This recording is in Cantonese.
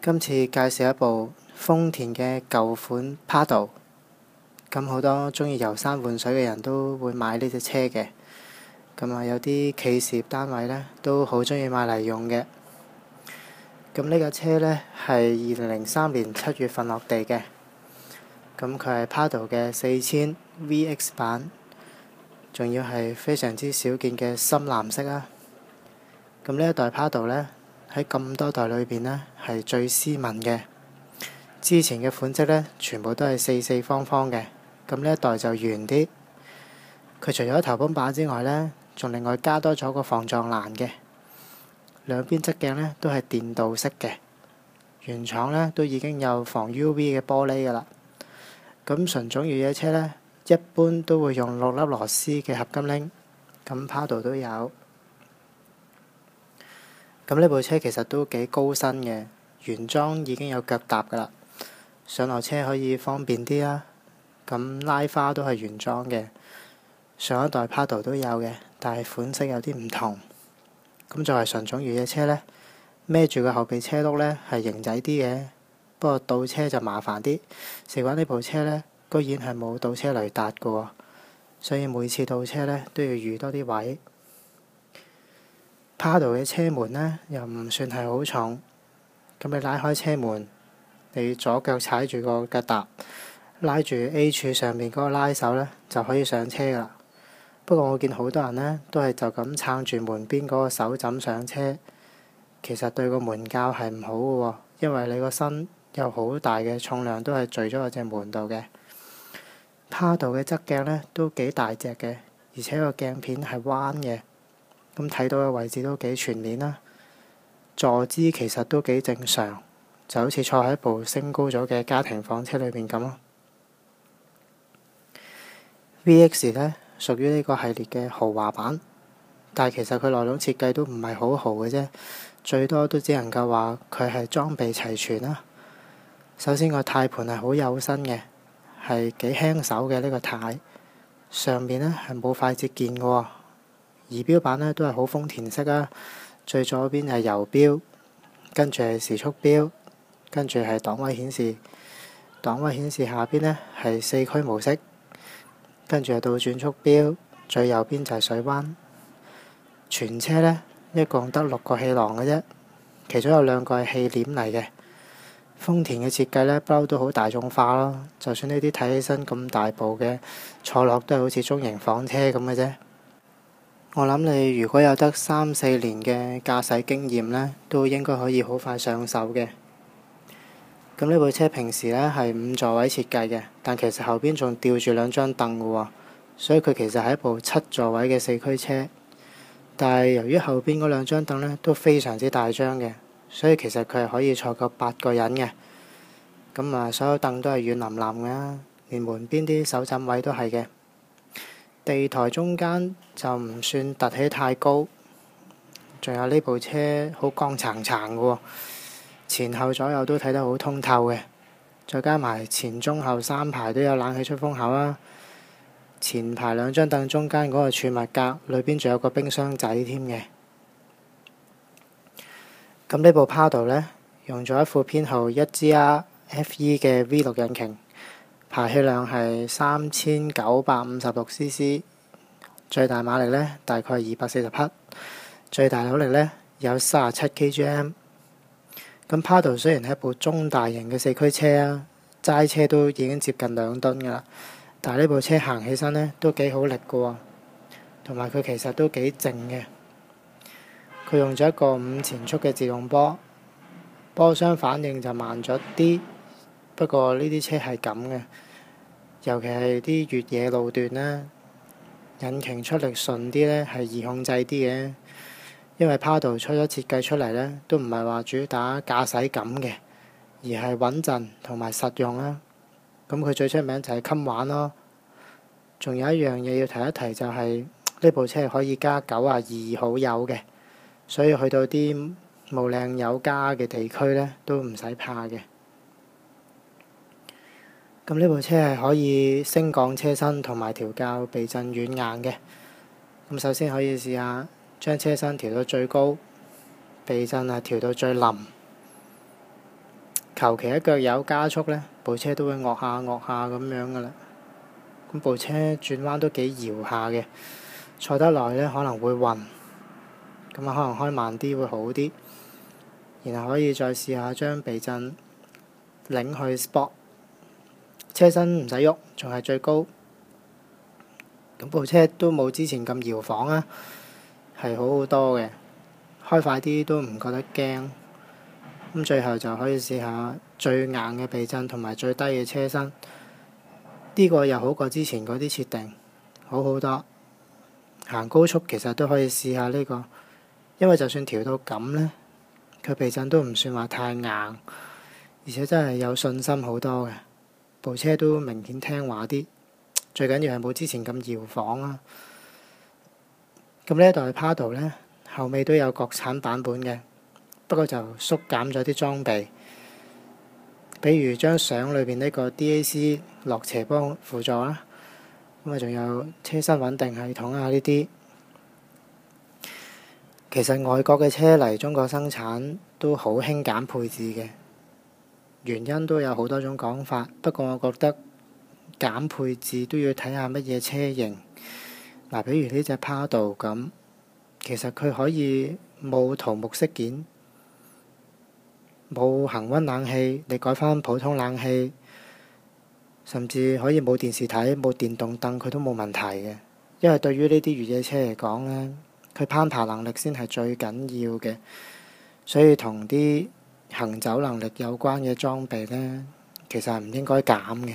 今次介紹一部豐田嘅舊款 Prado，咁好多鍾意遊山玩水嘅人都會買呢隻車嘅，咁啊有啲企事業單位呢都好鍾意買嚟用嘅。咁呢架車呢係二零零三年七月份落地嘅，咁佢係 Prado 嘅四千 VX 版，仲要係非常之少見嘅深藍色啊！咁呢一代 Prado 呢。喺咁多代裏邊呢，係最斯文嘅。之前嘅款式呢，全部都係四四方方嘅。咁呢一代就圓啲。佢除咗頭泵把之外呢，仲另外加多咗個防撞欄嘅。兩邊側鏡呢，都係電鍍式嘅。原廠呢，都已經有防 UV 嘅玻璃噶啦。咁純種越野車呢，一般都會用六粒螺絲嘅合金鈴。咁 Power 都有。咁呢部車其實都幾高身嘅，原裝已經有腳踏噶啦，上落車可以方便啲啊，咁拉花都係原裝嘅，上一代 Prado 都有嘅，但係款式有啲唔同。咁作為純種越野車咧，孭住個後備車轆咧係型仔啲嘅，不過倒車就麻煩啲。事關呢部車咧，居然係冇倒車雷達嘅喎，所以每次倒車咧都要預多啲位。趴度嘅車門咧，又唔算係好重，咁你拉開車門，你左腳踩住個腳踏，拉住 A 柱上面嗰個拉手咧，就可以上車噶啦。不過我見好多人咧，都係就咁撐住門邊嗰個手枕上車，其實對個門鉸係唔好嘅喎，因為你個身有好大嘅重量都係墜咗喺隻門度嘅。趴度嘅側鏡咧都幾大隻嘅，而且個鏡片係彎嘅。咁睇到嘅位置都幾全面啦，坐姿其實都幾正常，就好似坐喺部升高咗嘅家庭房車裏邊咁咯。VX 咧，屬於呢個系列嘅豪華版，但係其實佢內裝設計都唔係好豪嘅啫，最多都只能夠話佢係裝備齊全啦。首先個呔盤係好幼身嘅，係幾輕手嘅呢，呢個呔，上面咧，係冇快捷鍵嘅喎。儀錶板呢都係好豐田式啊！最左邊係油錶，跟住係時速錶，跟住係檔位顯示。檔位顯示下邊呢，係四驅模式，跟住係倒轉速錶，最右邊就係水溫，全車呢，一共得六個氣囊嘅啫，其中有兩個係氣簾嚟嘅。豐田嘅設計呢不嬲都好大眾化咯。就算呢啲睇起身咁大部嘅坐落都係好似中型房車咁嘅啫。我諗你如果有得三四年嘅駕駛經驗呢，都應該可以好快上手嘅。咁呢部車平時呢係五座位設計嘅，但其實後邊仲吊住兩張凳嘅喎，所以佢其實係一部七座位嘅四驅車。但係由於後邊嗰兩張凳呢都非常之大張嘅，所以其實佢係可以坐夠八個人嘅。咁啊，所有凳都係軟腍腍嘅，連門邊啲手枕位都係嘅。地台中間就唔算凸起太高，仲有呢部車好光橙橙嘅喎，前後左右都睇得好通透嘅，再加埋前中後三排都有冷氣出風口啦。前排兩張凳中間嗰個儲物格裏邊仲有個冰箱仔添嘅。咁呢部 Prado 呢，用咗一副編號 1GR-FE 嘅 V 六引擎。排氣量係三千九百五十六 CC，最大馬力咧大概二百四十匹，最大扭力咧有三十七 KGM。咁 Prado 雖然係一部中大型嘅四驅車啊，齋車都已經接近兩噸㗎啦，但係呢部車行起身咧都幾好力㗎喎，同埋佢其實都幾靜嘅。佢用咗一個五前速嘅自動波，波箱反應就慢咗啲，不過呢啲車係咁嘅。尤其係啲越野路段咧，引擎出力順啲呢係易控制啲嘅。因為 Prado 出咗設計出嚟呢，都唔係話主打駕駛感嘅，而係穩陣同埋實用啦。咁佢最出名就係襟玩咯。仲有一樣嘢要提一提就係、是、呢部車可以加九啊二號油嘅，所以去到啲冇靚油加嘅地區呢，都唔使怕嘅。咁呢部車係可以升降車身同埋調校避震軟硬嘅。咁首先可以試下將車身調到最高，避震係調到最腍，求其一腳油加速呢部車都會惡下惡下咁樣噶啦。咁部車轉彎都幾搖下嘅，坐得耐呢可能會暈。咁啊，可能開慢啲會好啲。然後可以再試下將避震擰去 Sport。車身唔使喐，仲係最高咁部車都冇之前咁搖晃啊，係好好多嘅。開快啲都唔覺得驚。咁最後就可以試下最硬嘅避震同埋最低嘅車身，呢個又好過之前嗰啲設定，好好多。行高速其實都可以試下呢個，因為就算調到咁呢，佢避震都唔算話太硬，而且真係有信心好多嘅。部車都明顯聽話啲，最緊要係冇之前咁搖晃啊。咁呢一代 Prado 咧，後尾都有國產版本嘅，不過就縮減咗啲裝備，比如張相裏邊呢個 DAC 落斜幫輔助啊。咁啊仲有車身穩定系統啊呢啲。其實外國嘅車嚟中國生產都好輕減配置嘅。原因都有好多種講法，不過我覺得減配置都要睇下乜嘢車型。嗱、啊，比如呢隻 Prado 咁，其實佢可以冇桃木飾件，冇恆溫冷氣，你改翻普通冷氣，甚至可以冇電視睇、冇電動凳，佢都冇問題嘅。因為對於呢啲越野車嚟講咧，佢攀爬能力先係最緊要嘅，所以同啲行走能力有關嘅裝備咧，其實係唔應該減嘅。